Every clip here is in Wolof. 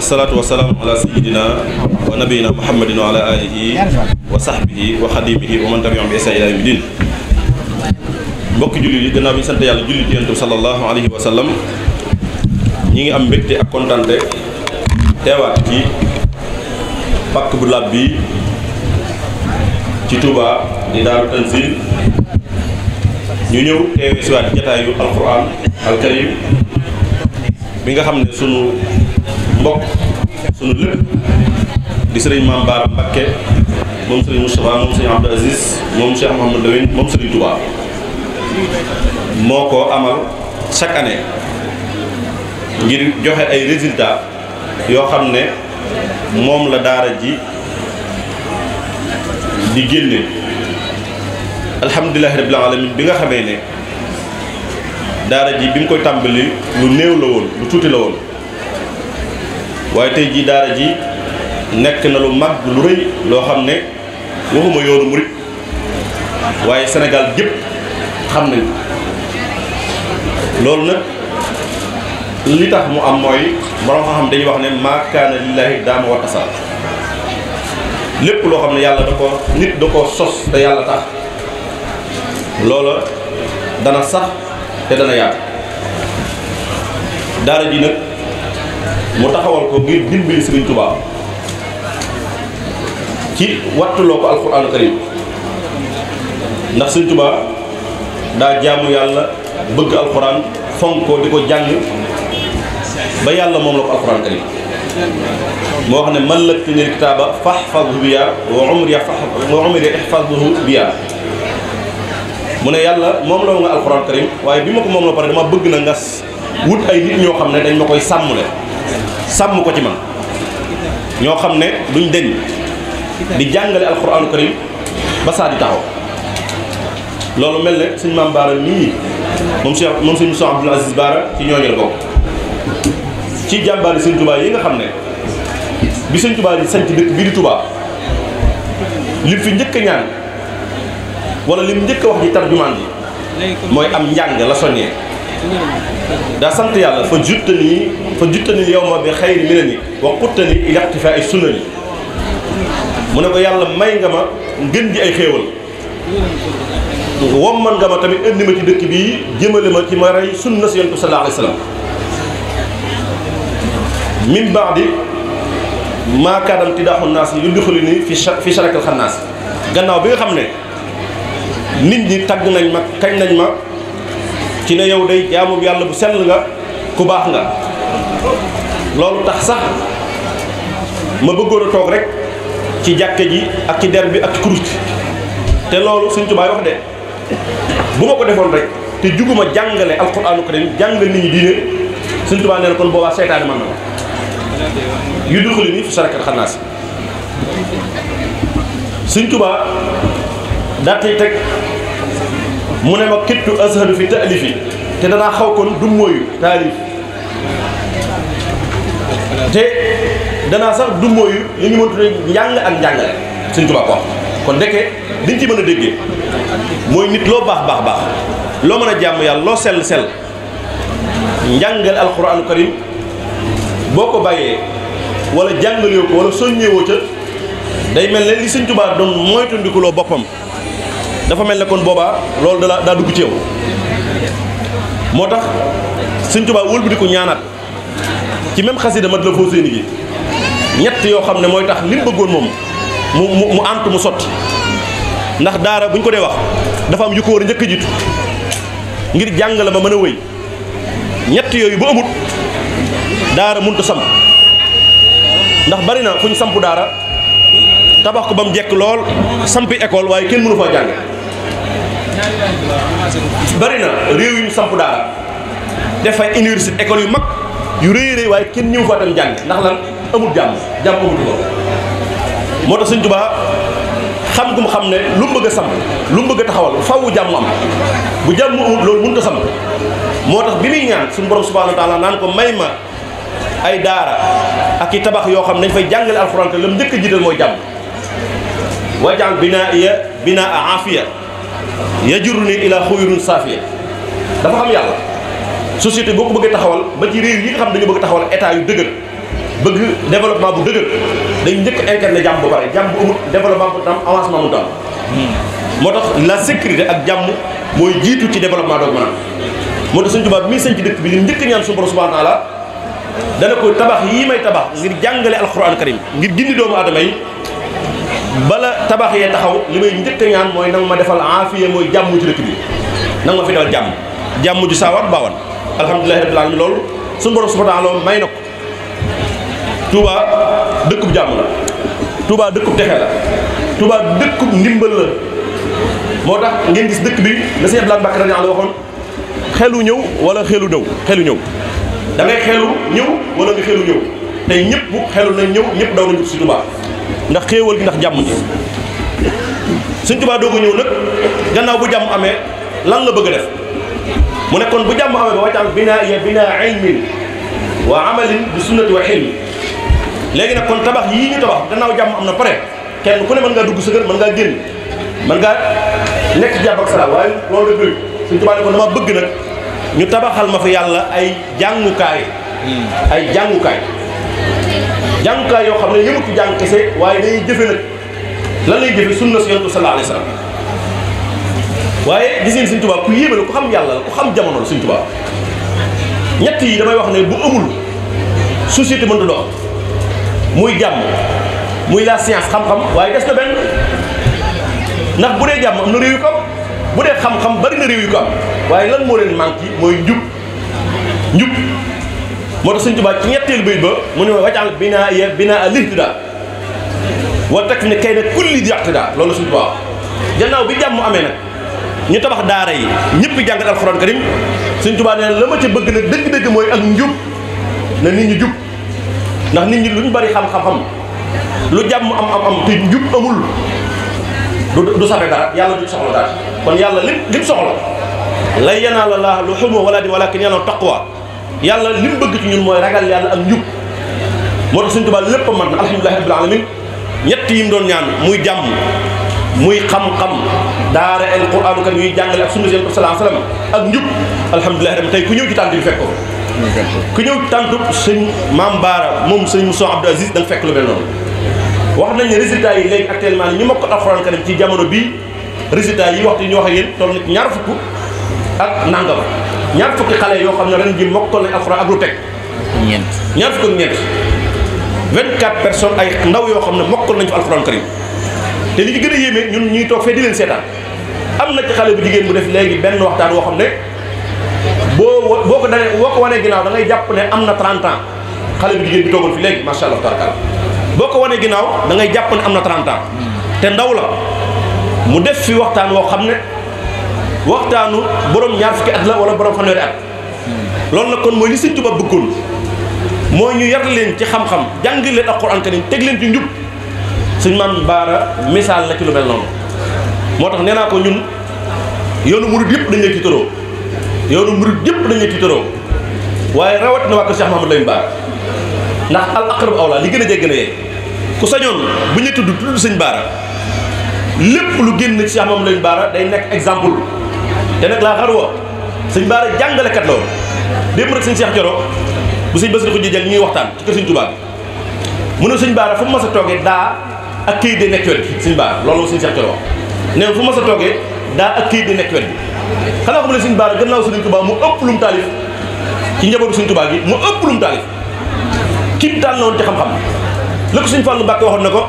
wassalatu wassalamu ala sayyidina wa nabiyyina muhammadin wa ala alihi wa sahbihi wa khadimihi wa man tabi'ahum bi ihsan ila yawmi din mbokki jullit yi gannaaw bi sante yalla julit yi yonent sallallahu alayhi wa sallam ñi ngi am mbekté ak contenté téwaat ci pak bu lab bi ci Touba di Daaru Tanzil ñu ñëw teewee siwaat jataayu alquran alkarim bi nga xamné ne sunu mbokk sunu lépp di sëriñ Maam Baara Mbakke moom sëriñ Moustapha moom sëriñ Abdou moom Cheikh Mouhamadou moo ko amal chaque année ngir joxe ay résultats yoo xam ne moom la daara ji di génne alhamdulilahi rabbil alamin bi nga xamee ne daara ji bi mu koy tàmbali lu néew la woon lu tuuti la woon waaye tey jii daara ji nekk na lu mag lu rëy loo xam ne waxuma yoonu murit waaye senegal gépp xam nañ loolu nag li tax mu am mooy borom xam dañuy wax ne maa kaana lillaahi daama wa tasaal lépp loo xam ne yàlla da ko nit da ko sos te yàlla tax loola dana sax te dana yàgg daara ji nag mu taxawal ko ngir dimbali Serigne Touba ci wattu loko Alqur'an karim ndax Serigne Touba da jaamu yalla bëgg alxuraan fonko diko di ba yalla mom la ko karim mo xamne man la tinil kitaba fahfadhu biya wa umri wa umri ihfadhu biya mune yalla mom lo nga alxuraan karim waye bima ko mom lo pare dama bëgg na ngas wut ay nit ñoo xamne dañ ma koy sam ko ci man ño xamne duñ deñ di jangale alquran karim ba sa di taxo lolu melne ne mam bara baara mom cheikh mom suñ cheikh abdul aziz bara ci ñoo jël bokk ci jàmbaari sëñ tubaa yi nga xamne bi sëñ tubaa di sanc dekk bi di tubaa li fi njëkk ñaan wala li njëkk wax di tarjuman di moy am njàng la soññee da sant yàlla fa jutani fa jutani yawma bi khair minani wa qutani ila iktifa'i i sunna ko yàlla may nga ma ngën ji ay xéewal womman nga ma tamit andi ma ci dëkk bi jemele ma ci ma rey sunna sallallahu alayhi wasallam min ba'di ma kadam ti daaxul naas yu duxuli ni fi fi sharakal khannas gannaaw bi nga xamne nit ñi tag nañ ma kañ nañ ma ci ne yow day jaamub yàlla bu sell nga ku baax nga loolu tax sax ma bëggoon a toog rek ci jàkke ji ak ci der bi ak ci kurus te loolu suñ tubaay wax de bu ma ko defoon rek te juguma jàngale alquraanu karim jàngal nit ñi diine suñ tubaay nee na kon boobaa seytaane man na ma yu dul xuli nii fu sarakat xanaa si suñ tubaa daa teg mune ma kittu azhadu fi ta'lifi te dana xaw kon du moyu ta'lif te dana sax du moyu li ñu montu ñang ak ñang señ tuba ko kon deke liñ ci mëna a moy nit lo bax bax bax lo mëna jamm yalla lo sel sel ñangal alquran karim boko ko bàyyee wala jàngalee ko wala soñewo ca day mel señ tuba don tubaab doon lo bopam dafa mel ne kon boobaa loolu dala daa dugg ci moo tax Sëñ Tuubaa wëlbati ko ñaanaat ci même xasida mat la foo séeni gi ñett yoo xam ne mooy tax li mu bëggoon moom mu mu ànt mu sotti ndax daara bu ñu ko dee wax dafa am yu ko war a njëkk jiitu ngir jàng la ba mën a wéy ñett yooyu bu amut daara mënut a samp ndax bari na fu ñu samp daara tabax ko ba mu jekk lool sampi école waaye kenn mënu faa jàng bari na réew yu ñu samp def ay université école yu mag yu rëy rëy waaye kenn ñëw fa dem jàng ndax lan amul jàmm jàmm amul ko moo tax sëñ tubaa xam gum xam ne lu mu bëgg a samp lu mu bëgg a taxawal faaw jàmm am bu jàmm amul loolu mënut a samp moo tax bi muy ñaan suñu borom subhanahu wa taala naan ko may ma ay daara ak i tabax yoo xam dañ fay jàngale alxuraan te njëkk a jiital mooy jàmm iya yajuruni ila xuyurun safiya dafa xam yàlla société boo ko bëggee taxawal ba ci réew yi nga xam dañu bëgg taxawal état yu dëgër bëgg développement bu dëgër dañ njëkk incarné jàmm ba pare jàmm bu amul développement bu am avancement mu daal hmm. moo tax la sécurité ak jàmm mooy jiitu ci développement doog mën a moo tax sëñ tubaab mii sëñ ci dëkk bi li ñaan suñu borom subhanahu taala dana ko tabax yii may tabax ngir jàngale alquran karim ngir gindi doomu aadama bala tabax yee taxaw li may njëkk a ñaan mooy nanga ma defal aafiya mooy jàmm ci dëkk bi nanga ma fi defal jàmm jàmm ju saawat baawan alhamdulilahi rabbil alamin loolu suñu borom subhanahu wa taala may na ko Touba dëkkub jàmm la Touba dëkkub texe la Touba dëkkub ndimbal la moo tax ngeen gis dëkk bi la sëñ Abdoulaye Mbacke dañu la waxoon xelu ñëw wala xelu ñëw xelu ñëw da ngay xelu ñëw wala nga xelu ñëw tey ñëpp xelu nañ ñëw ñëpp daw nañu si Touba ndax xéewal gi ndax jàmm ji suñ tubaa doog ñëw nag gannaaw bu jàmm amee lan nga bëgg def mu ne kon bu jàmm amee ba wàccaam binaa ya binaa ilmin wa amalin bi sunnati wa xilmi léegi nag kon tabax yii ñu tabax gannaaw jàmm am na pare kenn ku ne mën ngaa dugg sa kër mën ngaa génn mën ngaa nekk jàmm ak salaam waaye loolu la bëgg suñ dama bëgg nag ñu tabaxal ma fi yàlla ay jàngukaay hmm. ay jàngukaay jàngukaay yoo xam ne yëmut ci jàng kese waaye nay jëfe nag lan lay jëfe sunna si yontu sallallahu alayhi wa sallam waaye gis ngeen la ku xam yàlla la ku xam jamono la Sëñ Tuubaa ñett wax ne bu amul société mënta dox muy jàmm muy la science xam waaye des na benn ndax bu dee jàmm am na réew yu ko bu dee xam-xam bari na réew yu ko am waaye lan moo leen manqué mooy njub njub motax tax seigne touba ci ñettel beuy ba mu ne wajal bina ya bina al-ihtida wa takni kayda kulli diqtida lolu seigne touba jannaaw bi jamm amé nak ñu tabax daara yi ñepp jang al-quran karim seigne touba neena lama ci bëgg nak deug deug moy ak njub na nit ñi jub ndax nit ñi luñ bari xam xam xam lu jamm am am am te njub amul du sa dara yalla du soxla dara kon yalla lim lim soxla la yanalallahu allah luhum wala di walakin yanalu taqwa yàlla li mu bëgg ci ñun mooy ragal yàlla ak njub moo tax suñ tubaab lépp a mat na alhamdulilahi rabbil alamin ñett yi mu doon ñaan muy jàmm muy xam-xam daara el quranu kan yuy jàngale ak sunna seen salaa salaam ak njub alhamdulilahi rabbi tey ku ñëw ci tànt bi fekk ko ku ñëw tàntu suñu maam baara moom sëñ Moussa Abdou Aziz da nga fekk lu mel noonu wax nañ ne résultat yi léegi actuellement ni ñu mokk alxuraan karim ci jamono bii résultat yi waxtu yi ñu wax yéen toll na ñaar fukk ak nangam ñaan fukki xale yoo xam ne ren ji mokkal nañ alxuraan ak lu teg. ñeent ñaar fukki ñeent. 24 personnes ay ndaw yoo xam ne mokkal nañ fa alxuraan karim te li ci gën a yéeme ñun ñuy toog fee di leen seetaan am na ci xale bu jigéen bu def léegi benn waxtaan woo xam ne boo boo ko danee boo ko wanee ginnaaw da ngay jàpp ne am na 30 ans xale bu jigéen bi toogoon fi léegi macha allah tabaaraka boo ko wanee ginnaaw da ngay jàpp ne am na 30 te ndaw la mu def fi waxtaan woo xam ne. waxtanu borom ñaar fukki at la wala borom fanweeri at loolu nag kon moy li seigne Tuba bëggul moy ñu yar leen ci xam-xam jang leen alquran karim tegg leen ci ñub seigne man bara misal la ci lu mel non motax neena ko ñun yoonu murid yëpp dañ lay ci toro yoonu murid yëpp dañ lay ci toro waye rawat na waa Cheikh Mahamadou lay mbar ndax al aqrab awla li gëna jéggëna yé ku sañoon bu ñu tuddu tuddu seigne bara lepp lu genn ci xamam Mahamadou Bara day nek exemple te nag laa xarwa suñ Baara jàngalekat la woon démb rek sëñ Cheikh Joro bu sëñ Bassirou ko jëjal ñuy waxtaan ci kër sëñ Touba bi mu ne sëñ Baara fu mu mas a toogee daa ak këyit de nekk wet bi sëñ Baara loolu sëñ Cheikh a toogee daa ak këyit bi xanaa ko mu ne sëñ Baara gannaaw sëñ Touba mu ëpp lum taalif ci njabootu sëñ Touba yi mu ëpp lum taalif kim daan na woon te xam-xam la ko sëñ Fallou Mbacke waxoon na ko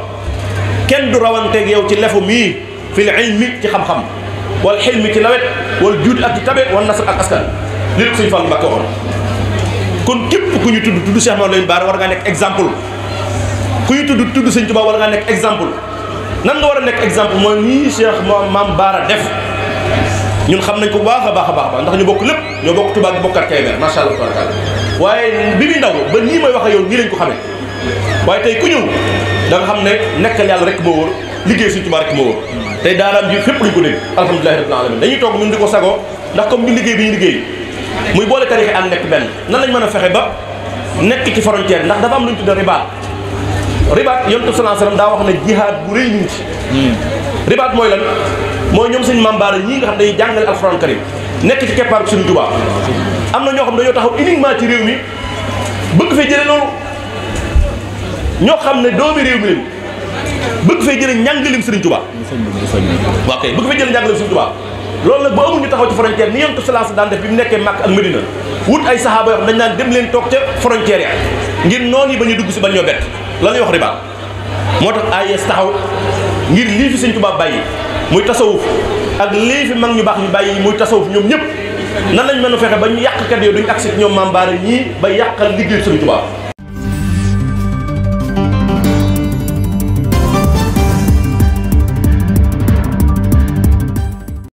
kenn du rawanteeg yow ci lefu mii fil ilmi ci xam-xam wal xel mi ci nawet wala juut ak ci tabe wala nasar ak askan li ko sëñ Fall Mbàkke waxoon kon képp ku ñu tudd tudd Cheikh Mawlana Bara war ngaa nekk exemple ku ñu tudd tudd sëñ Tuubaa war ngaa nekk exemple nan nga war a nekk exemple mooy nii Cheikh Maam Bara def ñun xam nañ ko baax a baax a baax ndax ñu bokk lépp ñoo bokk Tuubaa gi bokkaat Kaybeer macha allah tabaraka waaye bi muy ndaw ba nii may wax yoon yow nii lañ ko xamee waaye tey ku ñëw da xam ne nekkal yàlla rek moo wóor liggéey suñ Tuubaa rek moo wóor tey daaraam ji fépp lañ ko dégg alhamdulilahi rabbil alamin dañuy toog nun di ko sagoo ndax comme ñu liggéey bi ñu liggéey muy boole tarixe am nekk benn nan lañ mën a fexe ba nekk ci frontière ndax dafa am lu ñu tudde ribaat ribaat yonent sallallahu alayhi wasallam daa wax ne jihaad bu rëy ñu ci ribaat mooy lan mooy ñoom seen mambaara ñii nga xam dañuy jàngale alxuraan karim nekk ci keppaaru suñu Tuubaa am na ñoo xam dañoo taxaw uniquement ci réew mi bëgg fee jële loolu ñoo xam ne doomi réew mi lañu bëgg fay jëlee njàngaleem Serigne Touba waaw kay bëgg fay jëlee njàngaleem Serigne Touba loolu nag ba amul ñu taxaw ci frontière ni yonent sallallahu alayhi daan def bi mu nekkee Makka ak Medina wut ay saxaaba yoo dañ naan dem leen toog ca frontière ya ngir noonu yi ba ñu dugg si ba ñoo bett la ñuy wax riba moo tax AIS taxaw ngir lii fi Serigne Touba bàyyi muy tasawuf ak lii fi mag ñu baax ñu bàyyi muy tasawuf ñoom ñëpp nan lañ mën a fexe ba ñu yàqkat yooyu duñ agsi ñoom Mame Bara ñii ba yàqal liggéey Serigne Touba